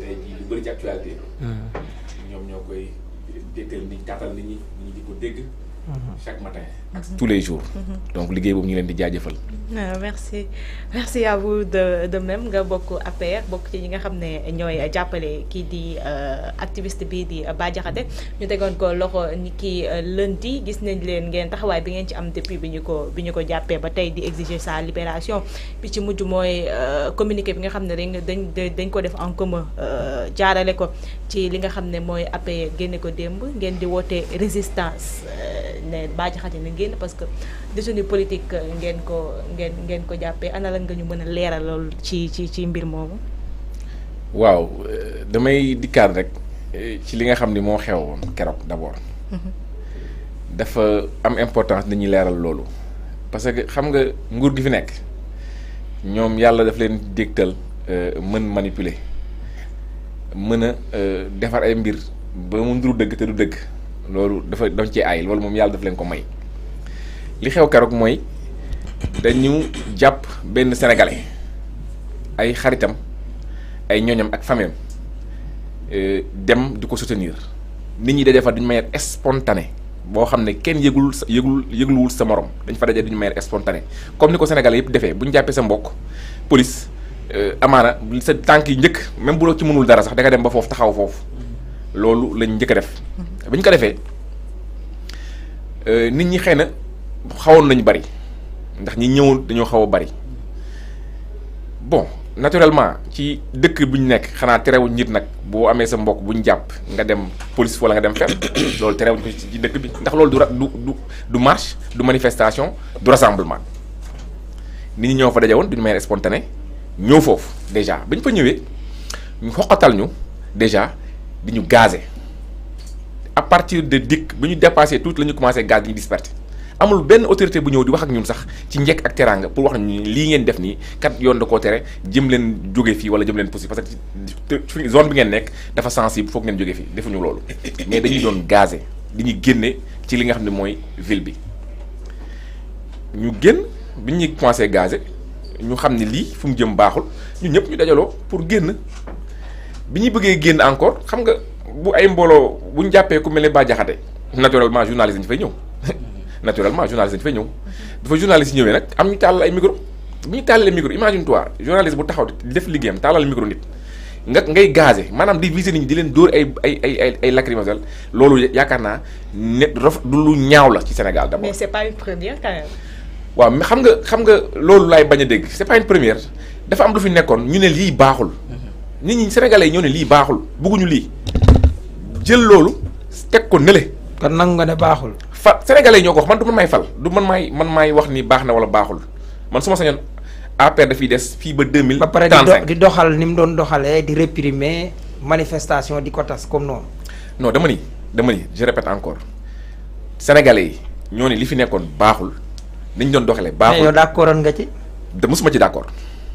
tey jii lu bëri ci actualité hmm. ñoom ñoo koy dégtal nit ñi gàttal nit ñi nit ñi di ko dégg chaque matin ak tous les jours. Mhm. donc liggéey boobu ñu leen di jaajëfal. Ah, merci merci à vous de de même nga bokk APR bokk ci ñi nga xam ne ñooy jàppale kii di euh, activiste bii di euh, Bah Diakhaté ñu tegoon ko loxo ni kii euh, lundi gis nañ leen ngeen taxawaay bi ngeen ci am depuis bi ñu ko bi ko jàppee ba tey di exiger sa libération bi ci mujj mooy communiqué bi nga xam ne dañ dañ ko def en commun jaarale ko ci li nga xam ne mooy APR génne ko démb ngeen di woote résistance. ne Bah Diakhaté na génn parce que détenu politique euh, ngeen ko ngeen ngeen ko jàppee ana la nga ñu mën a leeral loolu ci ci ci mbir moomu. waaw euh, damay dikkaat rek euh, ci li nga xam ni moo xewoon keroog d'abord. Mhm. dafa am importance dañuy leeral loolu. parce que xam nga nguur gi fi nekk ñoom yàlla daf leen dégtal mën manipuler mën a defar ay mbir ba mu nduru dëgg te du dëgg. loolu dafa dafa cee ay loolu moom yàlla daf leen ko may li xew keroog mooy dañu jàpp benn sénégalais ay xaritam ay ñooñam ak famem euh, dem du ko soutenir nit ñi dajee fa duñu mayeer spontané boo xam ne kenn yëgul sa yëgul yëgluwul sa morom dañ fa daje duñu mayeer spontané comme ni ko senegale yëpp defee bu ñu jàppee sa mbokk police euh, amaana sa tànk yi njëkk même bu ci mënul dara sax danga dem ba foofu taxaw foofu loolu lañ njëkk def bi ñu ko defee euh, nit ñi xëy na xawoon nañu bari ndax ñi ñëwul dañoo xaw a bari bon naturellement ci dëkk bi ñu nekk xanaa terewuñ nit nag boo amee sa mbokk bu ñu jàpp nga dem police wala nga dem fenn loolu terewuñ ko ci dëkk bi ndax loolu du du du du marche du manifestation du rassemblement nit ñi ñoo fa dajewoon d'une manière spontanée ñëw foofu déjà ba ñu fa ñëwee ñu xoqatal ñu déjà di ñu gazé. à partir de dikk bi ñu dépassé tuuti la ñu commencé gaz yi disperser amul benn autorité bu ñëw di wax ak ñun sax ci njekk ak teraanga pour wax ñu lii ngeen def nii kat yoon da koo tere jëm leen jóge fii wala jëm leen poussi parce que zone bi ngeen nekk dafa sensible foog ngeen jóge fii defuñu loolu mais dañuy doon gazé dañuy génnee ci li nga xam ne mooy ville bi ñu génn bi ñuy commencé gazé ñu xam ne lii fu mu jëm baaxul ñun ñëpp ñu dajaloo pour génn bi ñuy génn encore xam nga bu ay mbooloo bu ñu jàppee ku mel ne Bah Diakhaté naturellement journaliste dañu fay ñëw naturellement journaliste dañu fa ñëw dafa journaliste ñëwee nag am ñu tàllal ay micro bu ñu tàllalee micro imagine toi journaliste bu taxaw def liggéeyam tàllal micro nit nga ngay gazé maanaam di visé di leen dóor ay ay ay ay ay yaakaar naa ne raf du lu ñaaw la ci Sénégal d'abord. mais c'est pas une première quand xam nga xam nga loolu laay bañ a dégg c'est première dafa am lu fi nekkoon ñu ne lii baaxul mm-hmm. nit ñi sénégalais ñoo ne lii baaxul bugguñu lii. jël loolu teg ko nële. kon nangu nga ne baaxul. fa sénégalais ñoo ko wax man du man maay fal du man may man maay wax ni baax na wala baaxul man suma ma sañoon APR dafiy des fii ba deux mille. ba pare di doxal ni mu doon doxalee di réprimer manifestation di ko tas comme noonu. non dama ni dama ni je répète encore sénégale yi ñoo ni li fi nekkoon baaxul niñ doon doxalee. baaxul mais yow d'accordoon nga ci. de mosuma ci d'accord.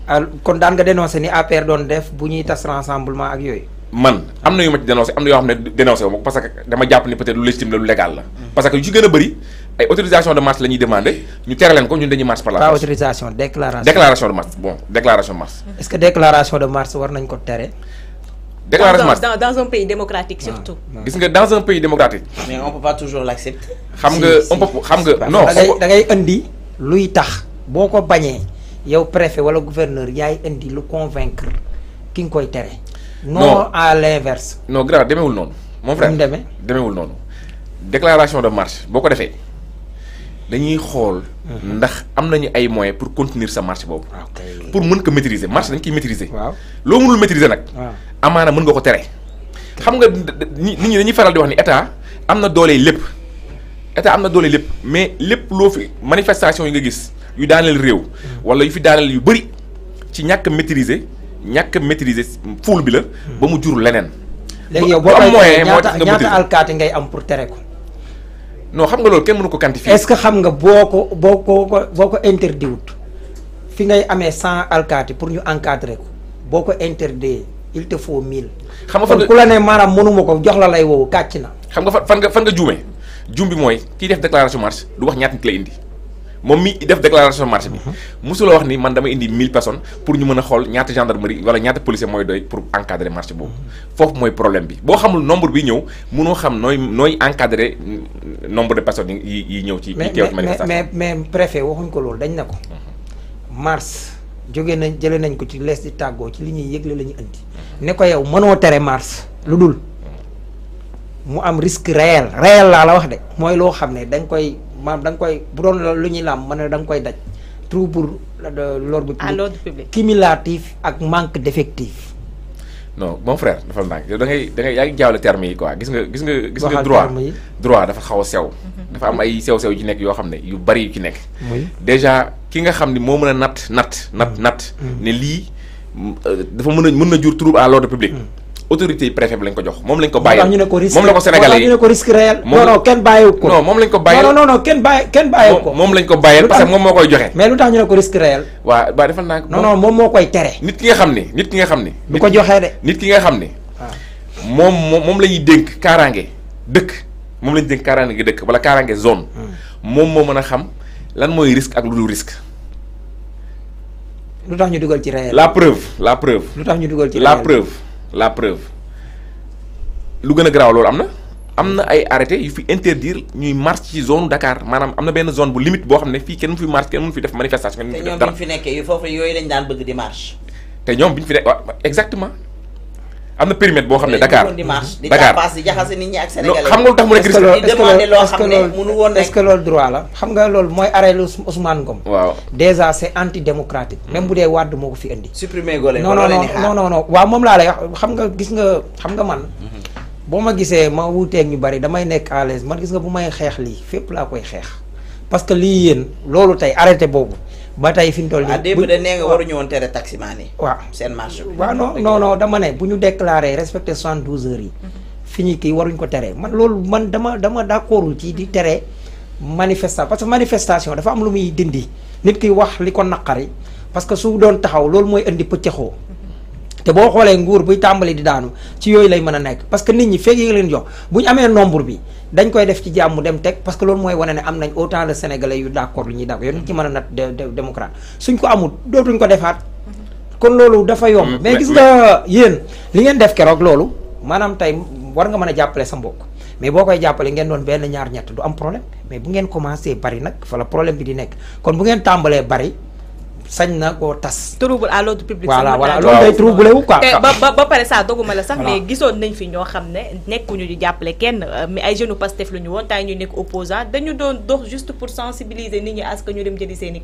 Ah, kon daan nga dénoncer ni APR doon def bu ñuy tas rassemblement ak yooyu. man am na yu ma ci dénoncé am na yoo xam ne dénoncé wu ma parce que dama jàpp ni peut-être lu légitime la lu légal la. Mm-hmm. parce que yu ci gën a bëri ay autorisation de marche la ñuy demandé ñu tere leen ko ñun dañuy marche par la force. pas déclaration de marche bon déclaration de marche. est-ce que déclaration de marche war nañ ko tere. déclaration de marche dans un pays ah, ah. xam nga on xam nga non. indi luy tax boo ko bañee yow préfet wala gouverneur yaay indi lu convaincre ki nga koy tere. non à l'inverse non grave demeewul noonu mon frère demee demeewul noonu déclaration de marche boo ko defee dañuy xool mhm. ndax am nañu ay moyens pour continuer sa marche boobu ah, pour mën ko maîtriser marche dañ koy maîtriser waaw loo mënul maîtriser nag amaana mën nga ko tere xam nga nit ñi dañuy faral di wax ni état am na doole lépp état am na doole lépp mais lépp loo fi manifestation yi nga gis yu daaneel réew mhm. wala yu fi daaneel yu bëri ci ñàkk maîtriser ñàkk a maîtriser bi la. ba mu jur leneen. léegi yow boo koy ñaata ñaata alkaati ngay am pour tere ko. non xam nga loolu kenn mënu ko quantifier. est-ce que xam nga boo ko boo ko boo ko interdit wut fi ngay amee cent alkaati pour ñu encadrer ko boo ko interdit il te faut mille. xam nga fan ku la ne maanaam mënuma ko jox la lay woowu kàcc na. xam nga fan nga fan nga juumee juum bi mooy kiy def déclaration marche du wax ñaata nit lay indi. moom mi def déclaration marché bi mosula mhm. wax ni man dama indi mille personnes pour ñu mën a xool ñaata gendarmerie wala ñaata policier mooy doy pour encadrer marché boobu mhm. foofu mooy problème bi boo xamul nombre bi ñëw mënoo xam nooy nooy encadrer nombre de personnes yi yi ñëw ci teew ci manifestation mais mais préfet waxuñ ko loolu dañ na ko mhm. mars jóge nañ jële nañ ko ci les di tàggoo ci li ñuy yëgle la ñu indi ne ko yow mënoo tere mars lu dul mu am risque réel réel laa la wax de mooy loo xam ne dañ koy maanaam da nga koy bu doon lu ñuy làmb ma ne da nga koy daj trouble l'ordre public cumulatif ak manque d'effectif non mon frère dafa ndànk yow da ngay da ngay yaa ngi jaawle terme yi quoi gis nga gis nga gis nga droit droit dafa xaw a sew mhm. dafa am ay sew-sew yu ci nekk yoo xam ne yu bari yu ci nekk déjà ki nga xam ni moo mën a natt natt natt mm. natt mm. ne lii euh, dafa mën a mën na jur trouble à l'ordre public mm. autorité yi préfet bi lañ ko jox moom lañ ko bàyyi moom la ko sénégalais yi ñu ne ko risque réel non non kenn bàyyiwu ko non moom lañ ko bàyyi non non kenn bàyyi kenn bàyyiwu ko moom lañ ko bàyyeel parce que moom moo koy joxe mais lu tax ñu ne ko risque réel waaw waaw defal naa ko non non moom moo koy tere nit ki nga xam ni nit ki nga xam ni du ko joxee de nit ki nga xam ni ah. moom moom moom la ñuy dénk kaaraange dëkk moom la ñuy dénk kaaraange dëkk wala kaaraange zone hmm. moom moo mën a xam lan mooy risque ak lu dul risque lu tax ñu dugal ci réel la preuve la preuve lu tax ñu dugal ci la preuve la preuve lu gën a garaaw loolu am na am na ay arrêté yu fi interdire ñuy marche ci zone Dakar maanaam am na benn zone bu limite boo xam ne fii kenn mu fi marche kenn mu fi def manifestation. kenn fi def dara te ñoom bi ñu fi nekkee foofu yooyu lañ daan bëgg di marche. te ñoom bi ñu fi nekk waaw exactement. am na périmètre boo xam ne Dakar Dakar xam nga lu tax mu nekk risque loolu droit la xam nga loolu mooy arrêté Ousmane Ngom waaw déjà c'est antidémocratique même bu dee Wade moo ko fi indi supprimer gole non non non non waaw moom laa lay xam nga gis nga xam nga man boo ma gisee ma wuuteeg ñu bari damay nekk à l'aise man gis nga bu may xeex lii fépp laa koy xeex parce que lii yéen loolu tey arrêté boobu ba tey fi ñu toll nii. Ah, bu démb de nee nga waruñu woon tere taximaan yi. waaw seen marche bi. waaw non dama ne bu ñu déclaré respecté soixante douze heures yi. Mhm. fi ñu kii waruñ ko tere man loolu man dama dama d'accordul ci di tere manifestation parce que manifestation dafa am lu muy dindi nit ki wax li ko naqari parce que su doon taxaw loolu mooy indi pëccëxoo. te boo xoolee nguur buy tàmbali di daanu ci yooyu lay mën a nekk parce que nit ñi feeg yi leen jox bu ñu amee nombre bi dañ koy def ci jàmm dem teg parce que loolu mooy wane ne am nañ autant de sénégalais yu d'accord lu ñuy d'accord yoon ci mën a nat démocrate suñ ko amul dootuñ ko defaat kon loolu dafa yomb mm-hmm. mais gis nga yéen li ngeen def keroog loolu maanaam tey war nga mën a jàppale sa mbokk mais boo koy jàppale ngeen doon benn ñaar ñett du am problème mais bu ngeen commencé bari nag fa problème bi di nekk kon bu ngeen tàmbalee bari sañ na koo tas. trouble à l'ordre public. voilà voilà loolu day trouble wu quoi. Eh, ba ba pare saa la sax. mais i euh,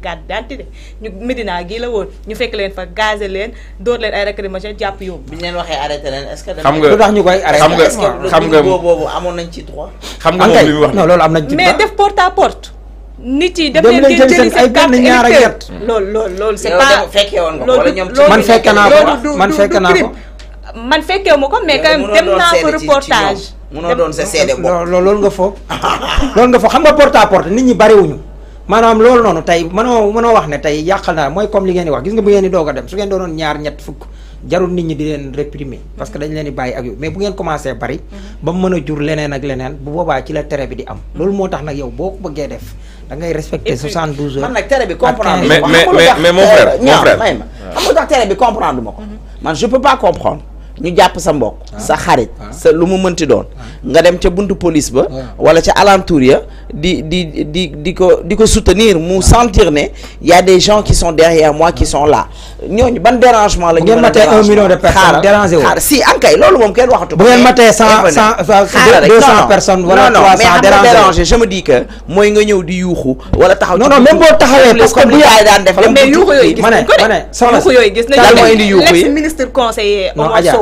carte d'identité ñu Medina gii la ñu fekk leen fa gazé leen door leen koy arrêté est-ce wax non loolu am nañ ci droit mais def porte à porte nit yi dem leen jël seen ay benn ñaar ak ñett. loolu loolu loolu c'est pas fekkee woon nga ko wala ñoom man fekke naa ko man fekke naa ko. man fekkee ma ko mais quand même dem naa ko reportage. munoo doon sa seede bopp loolu nga foog. loolu nga foog xam nga porte à porte nit ñi bariwuñu maanaam loolu noonu tey mënoo mënoo wax ne tey yàqal naa mooy comme li ngeen di wax gis nga bu ngeen di doog a dem su ngeen doonoon ñaar ñett fukk. jarul nit ñi di leen réprimer parce que dañu leen di bàyyi ak yow mais bu ngeen commencé bari ba mu mën a jur leneen ak leneen bu boobaa ci la tere bi di am loolu moo tax nag yow boo ko bëggee def da ngay respecté 72 heures man nag tere bi ko mais mais mais mon frère mon ma xam nga tax tere bi comprendre ma ko mm-hmm. man je peux pas comprendre ñu jàpp sa mbokk ah. sa xarit ah. sa lu mu mënti doon ah. nga dem ca buntu police ba wala ca alentour ya di di di di ko di ko soutenir mu sentir ne y a des gens qui sont derrière moi qui sont là ñooñu ban dérangement la ñu mën a dérangé un million de personnes dérangé wu si ankay loolu moom kenn waxatu ko bu ngeen matee cent cent personnes wala trois cent dérangé je me dis que mooy nga ñëw di yuuxu wala taxaw non non boo taxawee parce que bu yaay daan def mais yuuxu yooyu gis nañ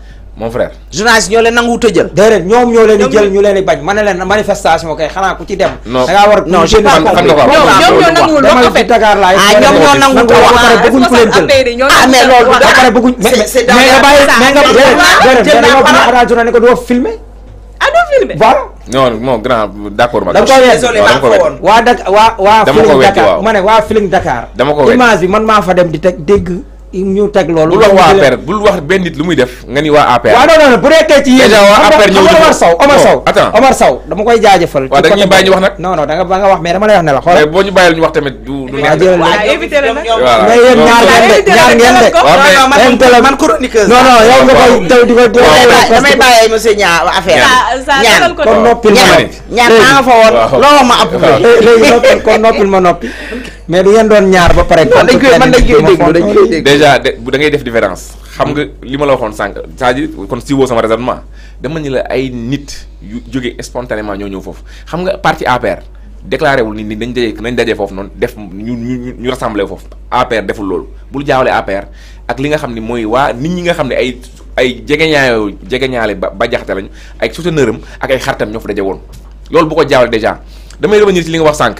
mon frère journaliste ñoo leen nangu tëjal déedéet ñoom ñoo leen di jël ñu leen di bañ ma ne leen manifestation kay xanaa ku ci dem da ngaa war non je pas compris ñoom ñoo nanguwul ah, wax en fait Dakar laay ñoom ñoo nanguwul wax ah bëgguñ ku leen jël ah mais loolu da pare bëgguñ mais nga bàyyi mais nga ko doo filmer ah voilà non non grand d'accord ma dama ko wedd waa Dakar waa waa Feeling Dakar ma ne waa Feeling Dakar dama ko wedd image bi man maa fa dem di teg dégg ñu teg loolu. bul wax waa APR bul wax benn nit lu muy def nga ni waa APR. waaw non non bu nekkee ci yéen. déjà waa koy jaajëfal. waaw dañuy bàyyi ñu wax nag. non da ba nga wax mais dama lay wax ne la xool. mais boo ñu bàyyil ñu wax tamit du du. waaw jërëjëf waaw ñaar a man chroniqueuse. ko. noppil ma noppi mais du ngeen doon ñaar ba pare. dañ koy mën dañ koy déglu def différence. xam nga li ma la waxoon sànq cest à kon si woo sama raisonnement dama ni la ay nit yu jóge spontanément ñoo ñëw foofu xam nga parti APR déclaré wul ni ni nañ daje nañ daje foofu noonu def ñu ñu ñu rassemblé foofu APR deful loolu bul jaawale APR ak li nga xam ni mooy waa nit ñi nga xam ne ay ay jegeñaayoo jegeñaale ba ba jaxate lañu ay souteneuram ak ay xaritam ñoo fa daje woon loolu bu ko jaawale déjà damay revenir li nga wax sànq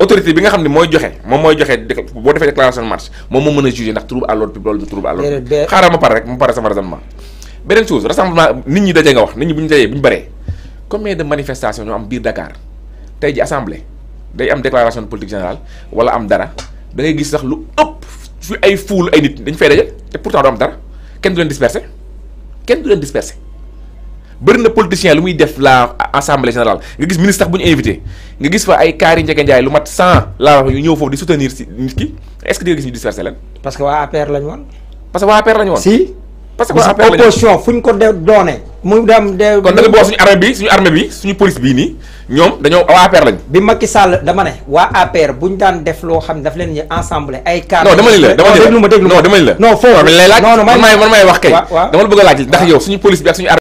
autorité bi nga xam ne mooy joxe moom mooy joxe boo defee déclaration de marche moom moo mën a juger ndax trouble à l'ordre public loolu du trouble à l'ordre public xaaral ma pare rek ma pare sama raisonnement beneen chose rassemblement nit ñi daje nga wax nit ñi bu dajee bu baree combien de manifestation ñoo am biir Dakar tey ji assemblée day am déclaration de politique générale wala am dara da gis sax lu ëpp fi ay fuul ay nit dañ fay daje te pourtant du am dara kenn du leen kenn du leen disperser bëri na politicien lu muy def la assemblée générale nga gis ministre tax bu ñu invité nga gis fa ay kaari njege lu mat cent laa wax yu ñëw foofu di soutenir si nit ki est-ce que di nga gis ñu dispersé leen. parce que waa APR lañ woon. parce que waa APR lañ woon. si parce que waa APR lañ bi suñu armée bi dama ne waa APR bu ñu daan def loo xam daf leen ensemble ay. kaar non dama ni la dama ni la non déglu ma déglu ma man lay